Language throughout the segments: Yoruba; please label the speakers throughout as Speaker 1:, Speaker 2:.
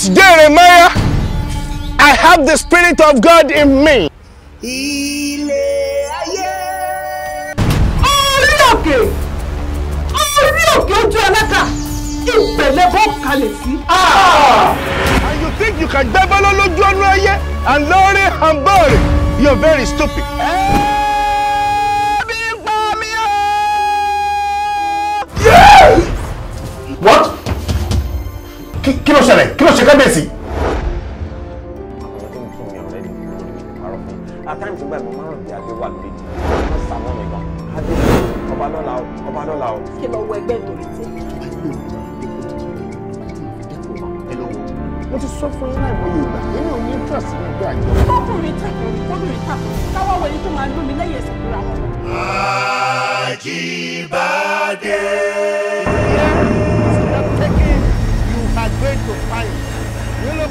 Speaker 1: is Jeremiah. I have the Spirit of God in me. Ilé ayé. Orí òkè. Orí òkè ojú ẹlẹ́ta. Ìpẹ̀lẹ̀ bó kalẹ̀ sí. And you think you can gbẹ́bọ́ lójú ọ̀nà ayé and lórí hambọ́ọ̀rì. You're very stupid. Hey! kí ló ṣẹlẹ̀ kí ló ṣe kábíyèsí. àwọn tí mo tún mi ọ̀rẹ́ mi kúrò ní mi parọ́ fún àtàǹtì tí gbàgbọ́ máa ń rìn àgbẹ̀ wà lójijì wọ́n sàmọ́ mi gan adé ọba lọ́la o ọba lọ́la o. kí lọ wọ ẹgbẹ́ nítorí tí. mo ti sọ fún yín láì mọye ìgbà nínú ní interest nígbà yẹn. ọkùnrin tàkùn ọkùnrin tàkùn káwọ́ wẹ̀lú tó máa lómi lẹ́yìn ẹ̀sìn kúra wọn.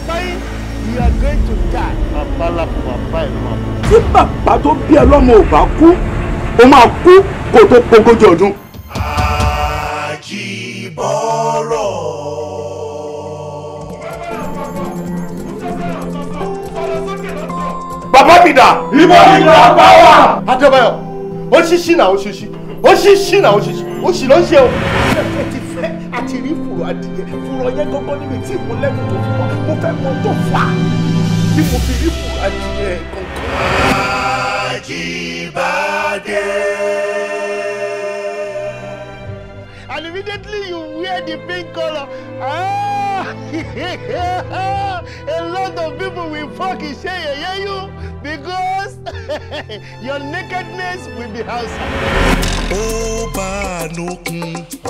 Speaker 1: dying. are going to die. Bàbá làkùn bàbá ẹ̀ ló máa kú. Tí bàbá tó bí ẹ lọ́mọ ò bá kú, ó máa kú kó tó pogójì ọdún. Àjìbọ̀rọ̀. Bàbá mi dà. Ibo ni bàbá wà? Adébáyọ̀, ó ṣí ṣí náà ó ṣí ṣí, ó ṣí ṣí náà ó ṣí ṣí, ó ṣì ló ṣe o a rí fùrọ̀ adìyẹ fùrọ̀ yẹn gbọ́gbọ́ níbi tí mo lẹ́nu tó fún wa mo fẹ́ mọ tó fà á bí mo fi rí fùrọ̀ adìyẹ kankan. Ajibade. And immediately you wear the pink color. Ah! A lot of people will fucking say yeye you because your nakedness will be outside. ó bá a lókun.